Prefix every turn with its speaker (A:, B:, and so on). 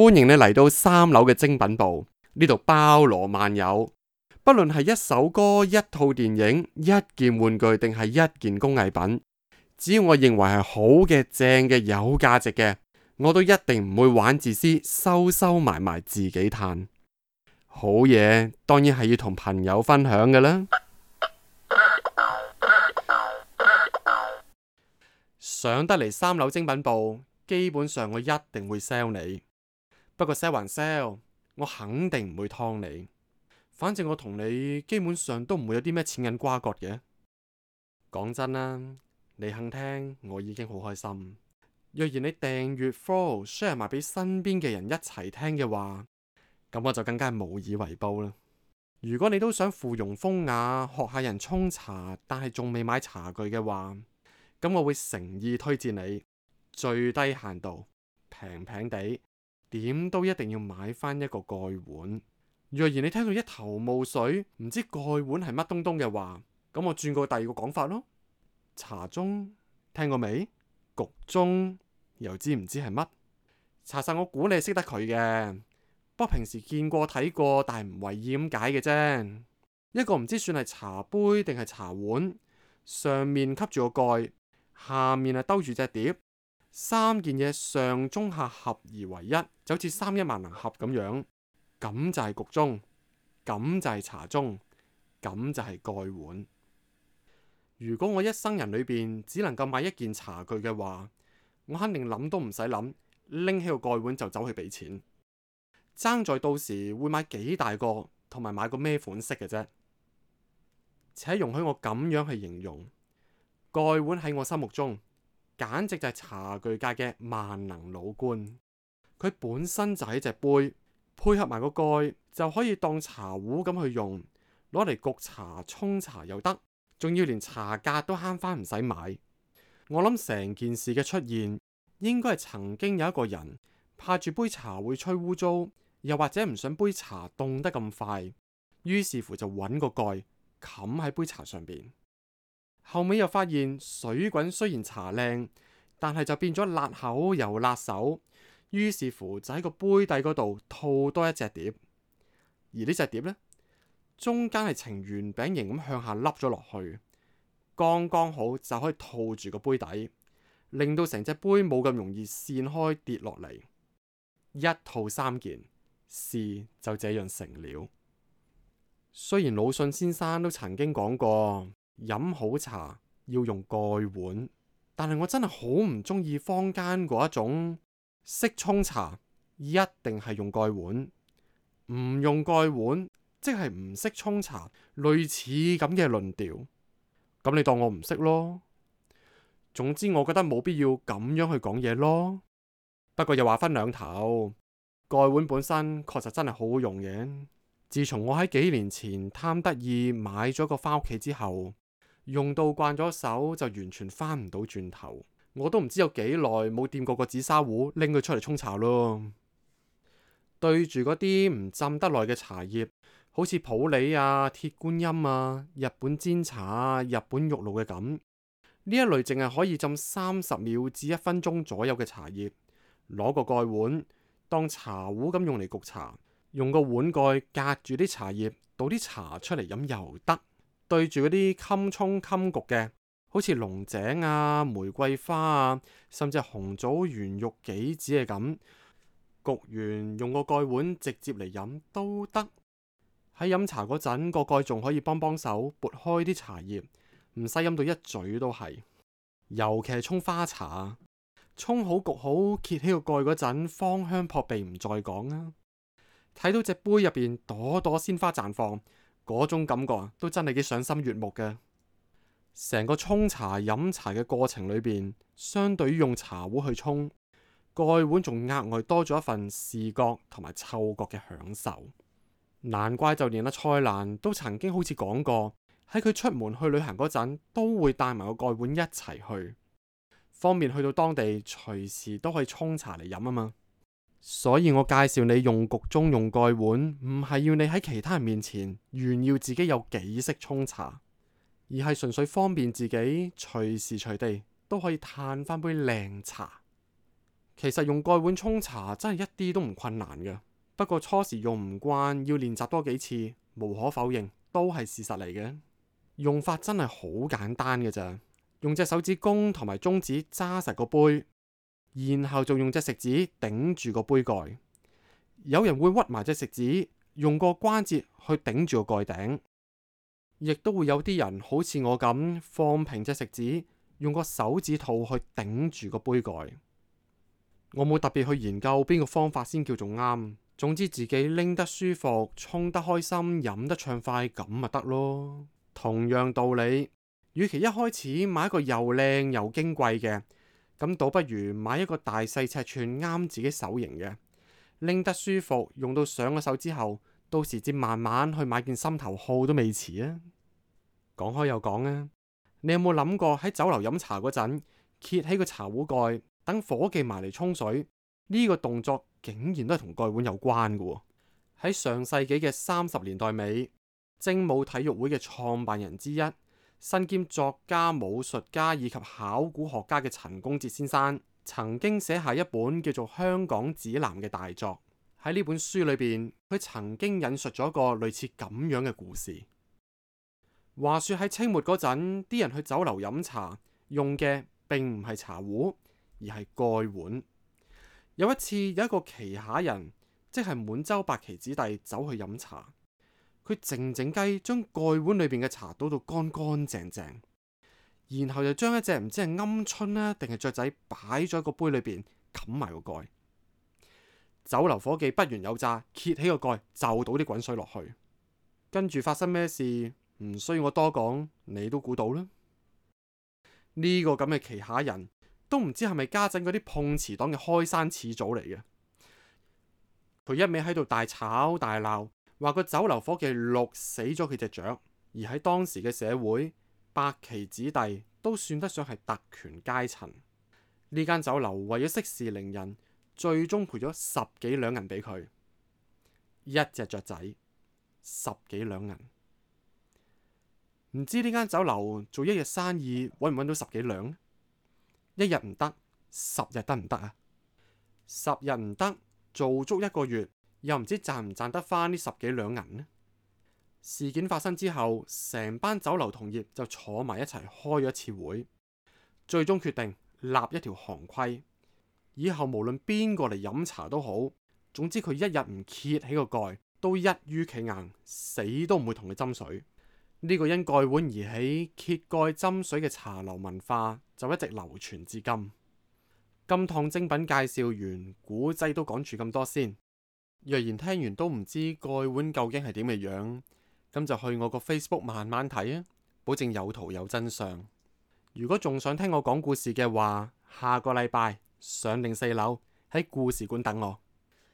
A: 歡迎你嚟到三樓嘅精品部，呢度包羅萬有，不論係一首歌、一套電影、一件玩具定係一件工藝品，只要我認為係好嘅、正嘅、有價值嘅，我都一定唔會玩自私，收收埋埋自己嘆。好嘢當然係要同朋友分享嘅啦。上得嚟三樓精品部，基本上我一定會 sell 你。不過 sell 還 sell，我肯定唔會劏你。反正我同你基本上都唔會有啲咩錢銀瓜葛嘅。講真啦，你肯聽我已經好開心。若然你訂閱 follow，share 埋俾身邊嘅人一齊聽嘅話，咁我就更加無以為報啦。如果你都想附庸風雅學下人沖茶，但係仲未買茶具嘅話，咁我會誠意推薦你，最低限度平平地。點都一定要買翻一個蓋碗。若然你聽到一頭霧水，唔知蓋碗係乜東東嘅話，咁我轉個第二個講法咯。茶盅聽過未？焗盅又知唔知係乜？查實，我估你係識得佢嘅，不過平時見過睇過，但係唔為意咁解嘅啫。一個唔知算係茶杯定係茶碗，上面吸住個蓋，下面係兜住隻碟。三件嘢上中下合而為一，就好似三一萬能盒咁樣。咁就係焗盅，咁就係茶盅，咁就係蓋碗。如果我一生人裏邊只能夠買一件茶具嘅話，我肯定諗都唔使諗，拎起個蓋碗就走去俾錢，爭在到時會買幾大個，同埋買個咩款式嘅啫。且容許我咁樣去形容蓋碗喺我心目中。簡直就係茶具界嘅萬能老倌，佢本身就係隻杯，配合埋個蓋就可以當茶壺咁去用，攞嚟焗茶、沖茶又得，仲要連茶架都慳翻唔使買。我諗成件事嘅出現，應該係曾經有一個人怕住杯茶會吹污糟，又或者唔想杯茶凍得咁快，於是乎就揾個蓋冚喺杯茶上邊。後尾又發現水滾雖然茶靚，但係就變咗辣口又辣手，於是乎就喺個杯底嗰度套多一隻碟，而呢隻碟呢，中間係呈圓餅形咁向下凹咗落去，剛剛好就可以套住個杯底，令到成隻杯冇咁容易扇開跌落嚟。一套三件事就這樣成了。雖然魯迅先生都曾經講過。飲好茶要用蓋碗，但係我真係好唔中意坊間嗰一種識沖茶，一定係用蓋碗，唔用蓋碗即係唔識沖茶，類似咁嘅論調。咁你當我唔識咯？總之我覺得冇必要咁樣去講嘢咯。不過又話分兩頭，蓋碗本身確實真係好好用嘅。自從我喺幾年前貪得意買咗個返屋企之後。用到慣咗手就完全翻唔到轉頭，我都唔知有幾耐冇掂過個紫砂壺，拎佢出嚟沖茶咯。對住嗰啲唔浸得耐嘅茶葉，好似普洱啊、鐵觀音啊、日本煎茶啊、日本玉露嘅咁，呢一類淨係可以浸三十秒至一分鐘左右嘅茶葉，攞個蓋碗當茶壺咁用嚟焗茶，用個碗蓋隔住啲茶葉，倒啲茶出嚟飲又得。對住嗰啲襟沖襟焗嘅，好似龍井啊、玫瑰花啊，甚至係紅棗圓肉杞子嘅咁，焗完用個蓋碗直接嚟飲都得。喺飲茶嗰陣，個蓋仲可以幫幫手撥開啲茶葉，唔使飲到一嘴都係。尤其係沖花茶啊，沖好焗好，揭起個蓋嗰陣，芳香撲鼻，唔再講啊。睇到隻杯入邊朵朵鮮花綻放。嗰種感覺啊，都真係幾賞心悅目嘅。成個沖茶飲茶嘅過程裏邊，相對於用茶壺去沖，蓋碗，仲額外多咗一份視覺同埋嗅覺嘅享受。難怪就連阿、啊、蔡瀾都曾經好似講過，喺佢出門去旅行嗰陣，都會帶埋個蓋碗一齊去，方便去到當地隨時都可以沖茶嚟飲啊嘛～所以我介紹你用焗盅用蓋碗，唔係要你喺其他人面前炫耀自己有幾識沖茶，而係純粹方便自己隨時隨地都可以嘆翻杯靚茶。其實用蓋碗沖茶真係一啲都唔困難嘅，不過初時用唔慣，要練習多幾次，無可否認都係事實嚟嘅。用法真係好簡單嘅咋，用隻手指公同埋中指揸實個杯。然後就用隻食指頂住個杯蓋，有人會屈埋隻食指，用個關節去頂住個蓋頂，亦都會有啲人好似我咁放平隻食指，用個手指套去頂住個杯蓋。我冇特別去研究邊個方法先叫做啱，總之自己拎得舒服，沖得開心，飲得暢快咁咪得咯。同樣道理，與其一開始買一個又靚又矜貴嘅。咁倒不如買一個大細尺寸啱自己手型嘅，拎得舒服，用到上個手之後，到時至慢慢去買件心頭好都未遲啊！講開又講啊，你有冇諗過喺酒樓飲茶嗰陣，揭起個茶壺蓋，等伙計埋嚟沖水，呢個動作竟然都係同蓋碗有關嘅喎？喺上世紀嘅三十年代尾，精武體育會嘅創辦人之一，身兼作家、武術家以及考古學家嘅陳公哲先生，曾經寫下一本叫做《香港指南》嘅大作。喺呢本書裏邊，佢曾經引述咗一個類似咁樣嘅故事。話說喺清末嗰陣，啲人去酒樓飲茶，用嘅並唔係茶壺，而係蓋碗。有一次，有一個旗下人，即係滿洲白旗子弟，走去飲茶。佢靜靜雞將蓋碗裏邊嘅茶倒到乾乾淨淨，然後就將一隻唔知係鵪鶉呢定係雀仔擺咗喺個杯裏邊，冚埋個蓋。酒樓伙計不虞有詐，揭起個蓋就倒啲滾水落去，跟住發生咩事？唔需要我多講，你都估到啦。呢個咁嘅旗下人都唔知係咪家陣嗰啲碰瓷黨嘅開山始祖嚟嘅，佢一味喺度大吵大鬧。話個酒樓夥計落死咗佢隻雀，而喺當時嘅社會，八旗子弟都算得上係特權階層。呢間酒樓為咗息事寧人，最終賠咗十幾兩銀俾佢。一隻雀仔，十幾兩銀，唔知呢間酒樓做一日生意，揾唔揾到十幾兩？一日唔得，十日得唔得啊？十日唔得，做足一個月。又唔知賺唔賺得返呢十幾兩銀呢？事件發生之後，成班酒樓同業就坐埋一齊開咗一次會，最終決定立一條行規，以後無論邊個嚟飲茶都好，總之佢一日唔揭起個蓋，都一於企硬，死都唔會同佢斟水。呢個因蓋碗而起揭蓋斟水嘅茶樓文化就一直流傳至今。今趟精品介紹完，古仔都講住咁多先。若然聽完都唔知蓋碗究竟係點嘅樣，樣，咁就去我個 Facebook 慢慢睇啊！保證有圖有真相。如果仲想聽我講故事嘅話，下個禮拜上定四樓喺故事館等我。